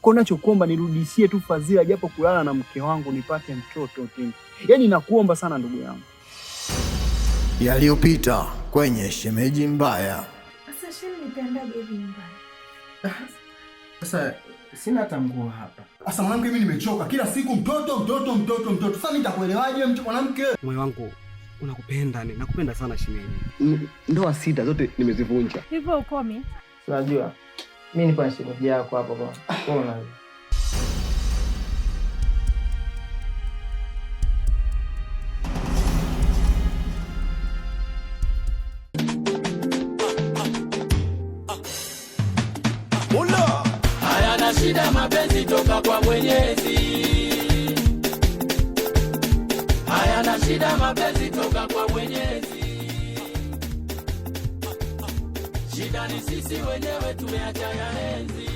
Kwa nachokuomba nirudishie tu fadhila, japo kulala na mke wangu nipate mtoto tena. Yaani nakuomba sana ndugu yangu. Yaliyopita kwenye shemeji mbaya. Sasa shemeji nipendaje hivi mbaya? Sasa sina hata nguo hapa. Sasa mwanamke, mimi nimechoka kila siku mtoto mtoto mtoto mtoto. Sasa nitakuelewaje mwanamke? Moyo wangu unakupenda ni nakupenda sana shemeji. Ndoa sita zote nimezivunja. Hivyo ukomi. Unajua? Mimi nipo na simu yako hapa bwana. Hayana shida mapenzi toka kwa Mwenyezi. shida mapenzi toka kwa Mwenyezi. Shida ni sisi wenyewe tumeacha ya enzi.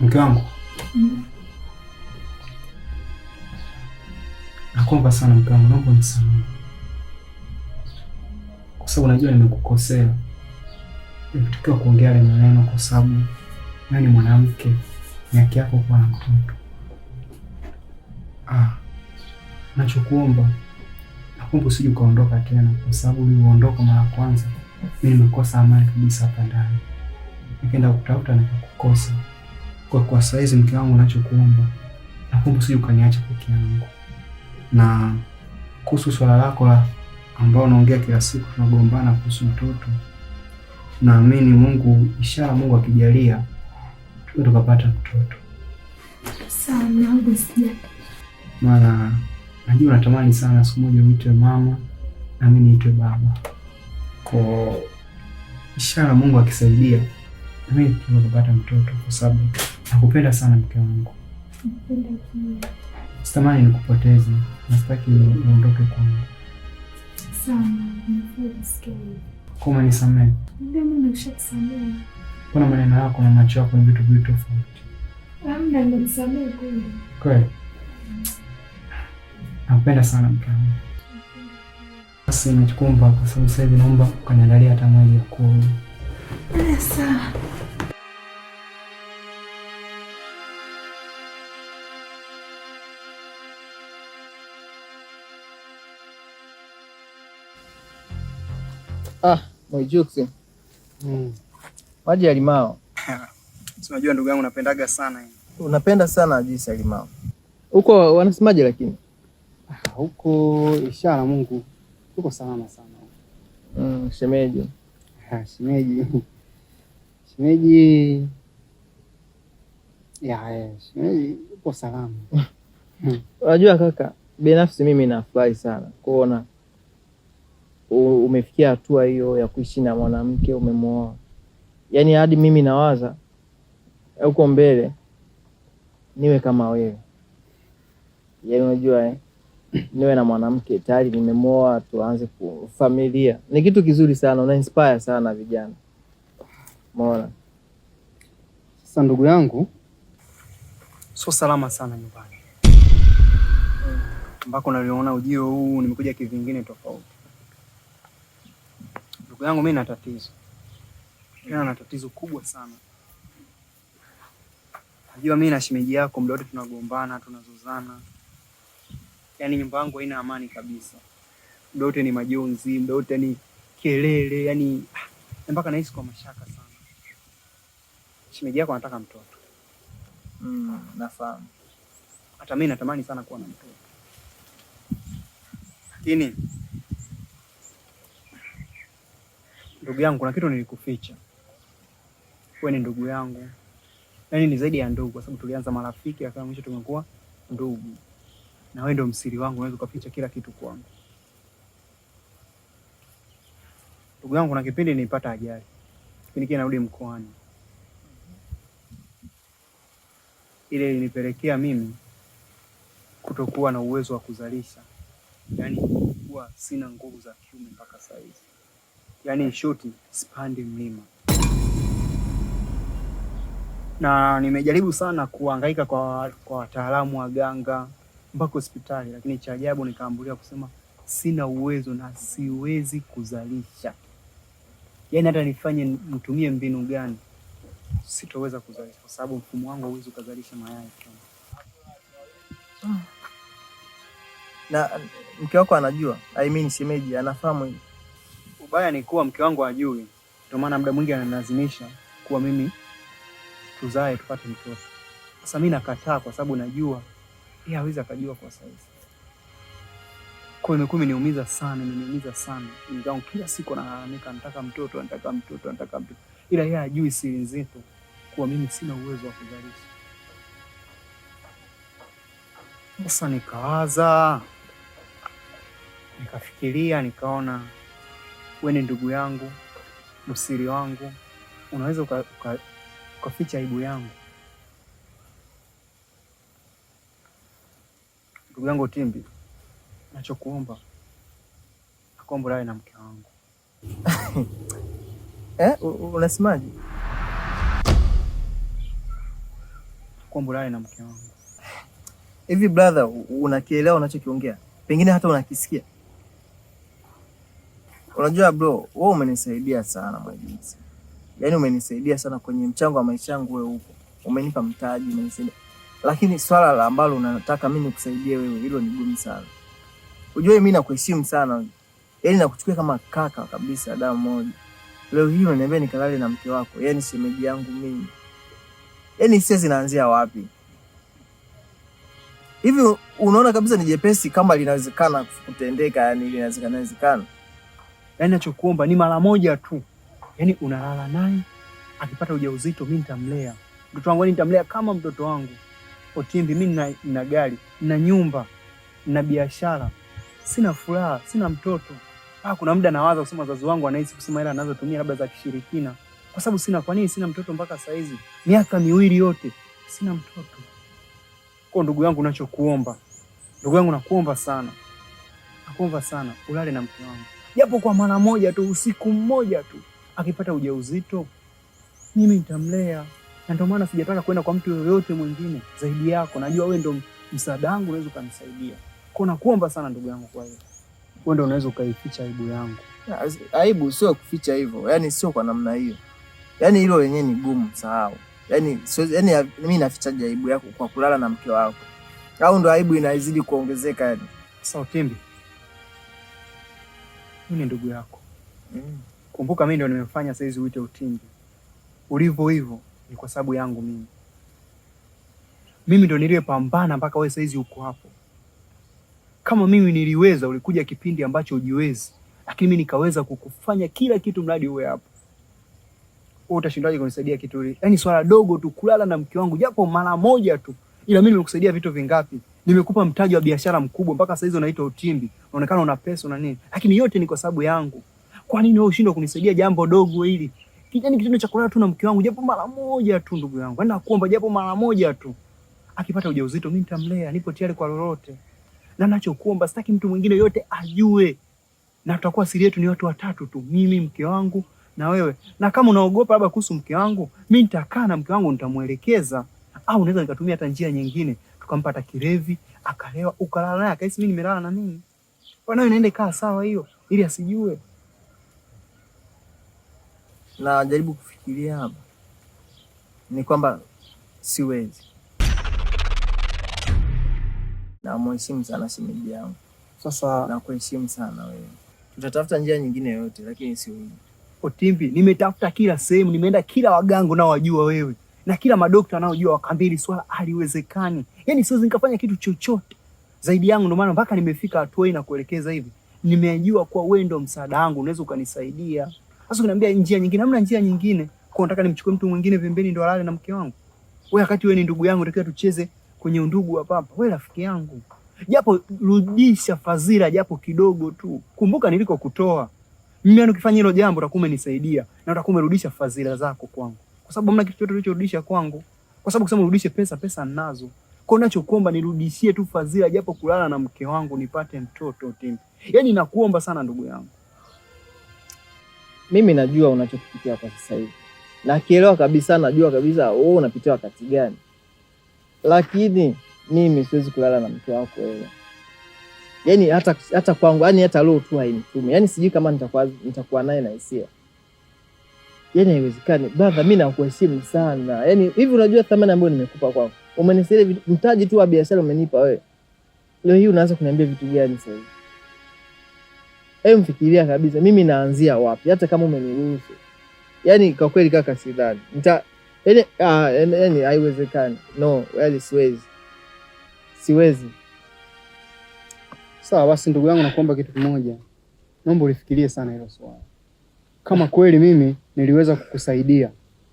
Mke wangu mm. Nakuomba sana mke wangu, naomba unisamehe kwa sababu najua nimekukosea, nilitakiwa kuongea yale maneno kwa sababu wewe ni mwanamke, ni haki yako kuwa na mtoto. Ah, nachokuomba, nakuomba usije ukaondoka tena, kwa sababu ulivyoondoka mara kwanza, mi nimekosa amani kabisa hapa ndani, nikaenda kutafuta nikakukosa kwa, kwa saizi mke wangu, nachokuomba nakuomba usije ukaniacha peke yangu. Na kuhusu swala lako la ambao unaongea kila siku tunagombana kuhusu mtoto, naamini Mungu, ishara Mungu akijalia tukapata mtoto. sana, sija maana najua natamani sana siku moja uitwe mama na mimi niitwe baba, kwa ishara Mungu akisaidia Nimepigwa kupata mtoto kwa sababu nakupenda sana mke wangu. Nakupenda pia. Sitamani nikupoteze. Nasitaki uondoke kwangu. Sana, nimefurahi sikia. Kama nisamehe. Ndio mimi nishakusamehe. Kuna maneno yako na macho yako ni vitu vitu tofauti. Hamna, nimemsamehe kweli. Kweli. Nakupenda sana mke wangu. Basi nichukua mpaka sasa hivi naomba ukaniandalia hata maji ya kuoga. Sawa. Ah, Mwijuksi. Mm. Maji ya limao. Unajua ndugu yangu napendaga sana hii. Unapenda sana juisi ya limao. Huko wanasemaje lakini? Ah, huko ishara Mungu. Huko salama sana. Mm, shemeji. Ha, ah, shemeji. Shemeji. Ya, ya, shemeji uko salama. Unajua kaka, binafsi mimi nafurahi sana kuona umefikia hatua hiyo ya kuishi na mwanamke umemwoa, yaani hadi mimi nawaza huko mbele niwe kama wewe, yaani unajua eh? niwe na mwanamke tayari nimemwoa, tuanze familia. Ni kitu kizuri sana, una inspire sana vijana. Mona Sasa ndugu yangu, sio salama sana nyumbani ambako naliona ujio huu, nimekuja kivingine tofauti Ndugu yangu mimi na tatizo, tena na tatizo kubwa sana. Najua mimi na shemeji yako muda wote tunagombana, tunazozana, yaani nyumba yangu haina amani kabisa, muda wote ni majonzi, muda wote ni kelele, yaani ah, mpaka nahisi kwa mashaka sana. Shemeji yako anataka mtoto. Mm, nafahamu. Hata mimi natamani sana kuwa na mtoto lakini Ndugu yangu, kuna kitu nilikuficha. Wewe ni ndugu yangu, yaani ni zaidi ya ndugu, kwa sababu tulianza marafiki, lakini mwisho tumekuwa ndugu, na wewe ndio msiri wangu. Unaweza ukaficha kila kitu kwangu. Ndugu yangu, kuna kipindi nilipata ajali, kipindi kile narudi mkoani, ile ilinipelekea mimi kutokuwa na uwezo wa kuzalisha, yaani kuwa sina nguvu za kiume mpaka saa hizi yani shoti sipandi mlima, na nimejaribu sana kuhangaika kwa kwa wataalamu ganga mpaka hospitali, lakini cha ajabu nikaambulia kusema sina uwezo na siwezi kuzalisha. Yani hata nifanye mtumie mbinu gani sitoweza kuzalisha, kwa sababu mfumo wangu hauwezi ukazalisha mayai hmm. Na mke wako anajua, I mean shemeji anafahamu Ubaya ni kuwa mke wangu ajui, ndio maana muda mwingi ananilazimisha kuwa mimi tuzae tupate mtoto. Sasa mimi nakataa kwa sababu najua yeye hawezi akajua kwa sasa Kwa hiyo imekuwa imeniumiza sana, imeniumiza sana. Ingawa kila siku analalamika, nataka mtoto, nataka mtoto, nataka mtoto, ila yeye ajui siri nzito kuwa mimi sina uwezo wa kuzalisha. Sasa nikawaza, nikafikiria, nikaona we ni ndugu yangu, usiri wangu, unaweza ukaficha aibu yangu. Ndugu yangu Timbi, nachokuomba nakuomba ulawe na mke wangu. Eh, unasemaje? Nakuomba ulawe na mke wangu. Hivi brother, unakielewa unachokiongea? Pengine hata unakisikia Unajua bro, wewe umenisaidia sana Mwaigizi, yaani umenisaidia sana kwenye mchango wa maisha yangu. Wewe huko umenipa mtaji, umenisaidia, lakini swala la ambalo unataka mimi nikusaidie wewe, hilo ni gumu sana. Ujue mimi nakuheshimu sana, yaani nakuchukulia kama kaka kabisa, damu moja. Leo hii unaniambia nikalale na mke wako, yaani shemeji yangu mimi, yaani sisi zinaanzia wapi? Hivi unaona kabisa ni jepesi kama linawezekana kutendeka, yaani linawezekana, inawezekana yani nachokuomba ni mara moja tu, yani unalala naye, akipata ujauzito mi nitamlea mtoto wangu, yaani nitamlea kama mtoto wangu Otimbi. Mimi nina gari, nina nyumba, nina biashara, sina furaha, sina mtoto. Ah, kuna muda nawaza kusema wazazi wangu wanahisi kusema hela anazotumia labda za kishirikina, kwa sababu sina. Kwa nini sina mtoto mpaka saa hizi, miaka miwili yote sina mtoto? Kwa ndugu yangu, nachokuomba ndugu yangu, nakuomba sana, nakuomba sana, ulale na mke wangu japo kwa mara moja tu, usiku mmoja tu, akipata ujauzito mimi nitamlea, na ndio maana sijataka kwenda kwa mtu yoyote mwingine zaidi yako. Najua wewe ndio msaada wangu, unaweza ukanisaidia kwa, nakuomba sana ndugu yangu, kwa hiyo wewe ndio unaweza ukaificha aibu yangu. Aibu sio kuficha hivyo, yani sio kwa namna hiyo, yani hilo lenyewe ni gumu, sahau. Yani Yaani yani mimi nafichaje aibu yako kwa kulala na mke wako? Au ndo aibu inazidi kuongezeka? Yani sawa Kimbi, mimi ni ndugu yako mm. Kumbuka mimi ndo nimefanya saizi uite utingi ulivyo hivyo, ni kwa sababu yangu mimi. Mimi ndo niliyepambana mpaka wewe saizi uko hapo. Kama mimi niliweza, ulikuja kipindi ambacho hujiwezi, lakini mimi nikaweza kukufanya kila kitu mradi uwe hapo. Wewe utashindaje kunisaidia kitu hili? Yaani swala dogo tu kulala na mke wangu japo mara moja tu, ila mimi nimekusaidia vitu vingapi? nimekupa mtaji wa biashara mkubwa, mpaka saizi unaitwa utimbi, unaonekana una pesa na nini, lakini yote ni kwa sababu yangu. Kwa nini wewe ushindwa kunisaidia jambo dogo hili? Kijani kitendo cha kulala tu na mke wangu, japo mara moja tu, ndugu yangu, enda yaani kuomba japo mara moja tu. Akipata ujauzito mimi nitamlea, nipo tayari kwa lolote, na nachokuomba sitaki mtu mwingine yote ajue, na tutakuwa siri yetu ni watu watatu tu, mimi, mke wangu na wewe. Na kama unaogopa labda kuhusu mke wangu, mimi nitakaa na mke wangu, nitamwelekeza au unaweza nikatumia hata njia nyingine tukampata kirevi akalewa, ukalala naye akahisi mimi nimelala na nini. Wanawe inaenda kaa sawa hiyo, ili asijue. Na jaribu kufikiria hapa ni kwamba siwezi, na mheshimu sana shemeji yangu sasa, na kuheshimu sana wewe. Tutatafuta njia nyingine yoyote, lakini sio hii. Otimbi, nimetafuta kila sehemu, nimeenda kila wagango, nao wajua wewe na kila madokta wanaojua wakambili swala haliwezekani. Yani siwezi nikafanya kitu chochote zaidi yangu, ndio maana mpaka nimefika hatua hii na kuelekeza hivi. Nimejua kuwa wewe ndio msaada wangu, unaweza ukanisaidia. Sasa ukiniambia njia nyingine, hamna njia nyingine, kwa nataka nimchukue mtu mwingine pembeni ndio alale na mke wangu. Wewe wakati wewe ni ndugu yangu, natakiwa tucheze kwenye undugu wa papa. Wewe rafiki yangu, japo rudisha fadhila japo kidogo tu, kumbuka nilikokutoa mimi. Yaani ukifanya hilo jambo utakuwa umenisaidia na utakuwa umerudisha fadhila zako kwangu kwa sababu hamna kitu chochote ulichorudisha kwangu, kwa sababu kusema urudishe pesa, pesa ninazo. Kwa nachokuomba nirudishie tu fadhila, japo kulala na mke wangu nipate mtoto tim. Yaani nakuomba sana ndugu yangu, mimi najua unachokipitia kwa sasa hivi, nakielewa kabisa, najua kabisa wewe unapitia wakati gani, lakini mimi siwezi kulala na mke wako wewe. Yani hata hata kwangu, yani hata roho tu hainitumi. Yani sijui kama nitakuwa nitakuwa naye na hisia yani haiwezekani bradha, mi nakuheshimu sana yani, hivi unajua thamani ambayo nimekupa kwangu, umenisaidia mtaji tu wa biashara umenipa wewe, leo hii unaanza kuniambia vitu gani sasa hivi? Hebu mfikiria kabisa, mimi naanzia wapi? Hata kama umeniruhusu, yani kwa kweli kaka, sidhani yani, yaani, ah, yani haiwezekani, no, yani siwezi, siwezi. Sawa basi, ndugu yangu, nakuomba kitu kimoja, naomba ulifikirie sana hilo swala kama kweli mimi niliweza kukusaidia,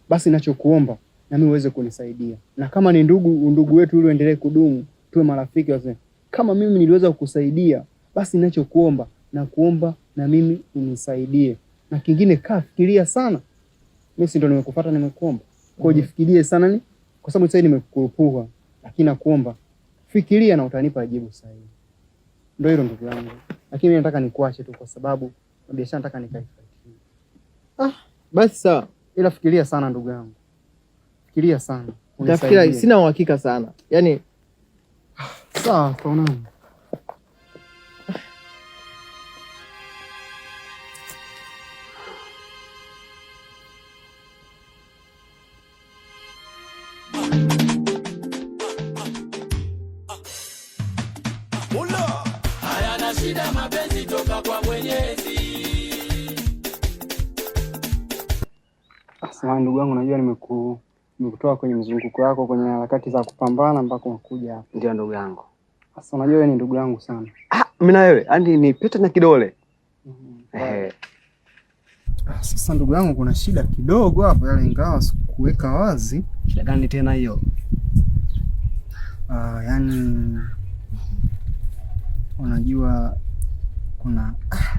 basi nachokuomba na mimi uweze kunisaidia, na kama ni ndugu, undugu wetu ili uendelee kudumu, tuwe marafiki wazee. Kama mimi niliweza kukusaidia, basi nachokuomba kuomba na mimi unisaidie. Na kingine, kaa fikiria sana, mimi si ndo nimekupata, nimekuomba kwa mhm. jifikirie sana ni kwa sababu sasa nimekukurupuka, lakini nakuomba fikiria na utanipa jibu sahihi. Ndio hilo ndugu yangu, lakini mimi nataka nikuache tu kwa sababu biashara nataka nikaifanye. Ah, basi sawa, ila fikiria sana ndugu yangu, fikiria sana. Nafikiria, sina uhakika sana yani. Sawa, kaonana. Haya na shida mapenzi toka kwa mwenyewe Sasa ndugu yangu, najua nimeku nimekutoa kwenye mzunguko wako kwenye harakati za kupambana mpaka unakuja hapa. Ndio ndugu yangu. Sasa unajua wewe ni ndugu yangu sana. Ah, mimi na wewe, yaani ni pete na kidole. Mm -hmm. Eh. Ah, sasa ndugu yangu kuna shida kidogo hapo yale yaani ingawa sikuweka wazi. Shida gani tena hiyo? Ah, yaani unajua kuna ah.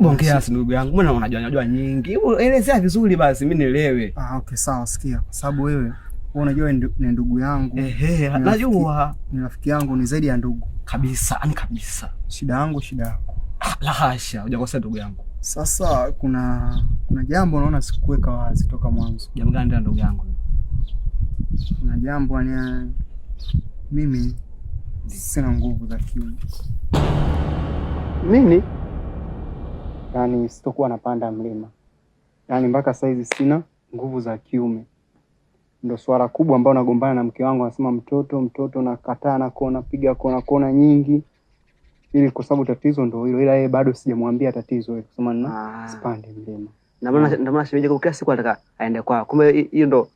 Bongea si ndugu yangu, mbona unajua unajua nyingi, hebu elezea vizuri basi mimi nielewe. Ah, okay sawa, sikia, kwa sababu wewe unajua ni ndugu yangu, ehe, najua ni rafiki yangu, ni zaidi ya ndugu kabisa, ani kabisa. Shida yangu shida yako. Ah, la hasha, hujakosea ndugu yangu. Sasa kuna kuna jambo naona sikuweka wazi toka mwanzo. Jambo gani ndio ndugu yangu? Kuna jambo ni mimi sina nguvu za kiume. Nini? yani sitokuwa napanda mlima, yani mpaka saizi sina nguvu za kiume. Ndo swala kubwa ambayo nagombana na mke wangu, anasema mtoto mtoto, nakataa na kona piga kona kona nyingi, ili kwa sababu tatizo ndo hilo, ila yeye bado sijamwambia tatizo, kusema na ah. sipande mlima. Ndio maana shemeji kila siku anataka aende kwao, kumbe hiyo ndo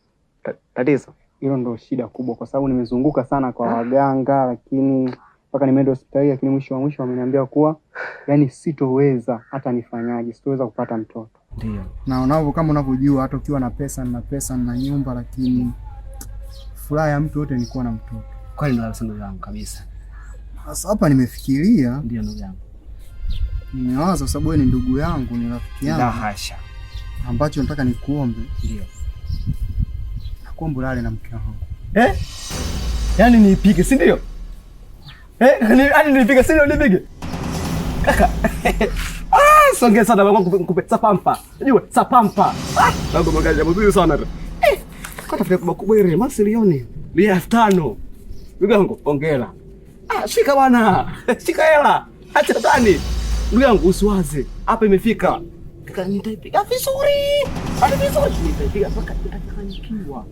tatizo. Hilo ndo shida kubwa, kwa sababu nimezunguka sana kwa waganga, lakini mpaka nimeenda hospitali, lakini mwisho wa mwisho wameniambia kuwa yani sitoweza, hata nifanyaje, sitoweza kupata mtoto. Ndio. Na unavyo kama unavyojua, hata ukiwa na pesa na pesa na nyumba, lakini furaha ya mtu yote ni kuwa na mtoto. Kweli ndio ndugu yangu kabisa. Sasa hapa nimefikiria, ndio ndugu yangu, nimewaza kwa sababu ni ndugu yangu, ni rafiki yangu. La hasha, ambacho nataka nikuombe, ndio nakuomba ulale na mke wangu eh, yani niipike, si ndio? Yaani nilipige sio nilipige. Kaka. Ah, songe sana mwanangu nikupe sapampa. Unajua sapampa. Ah, ndio magaja mzuri sana. Eh. Kwa tafuta kubwa kubwa ile masilioni. Ni 5000. Ndugu yangu ongera. Ah, shika bwana. Shika hela. Acha tani. Ndugu yangu usiwaze. Hapa imefika. Nitaipiga vizuri. Hadi vizuri. Nitaipiga mpaka itakanikiwa.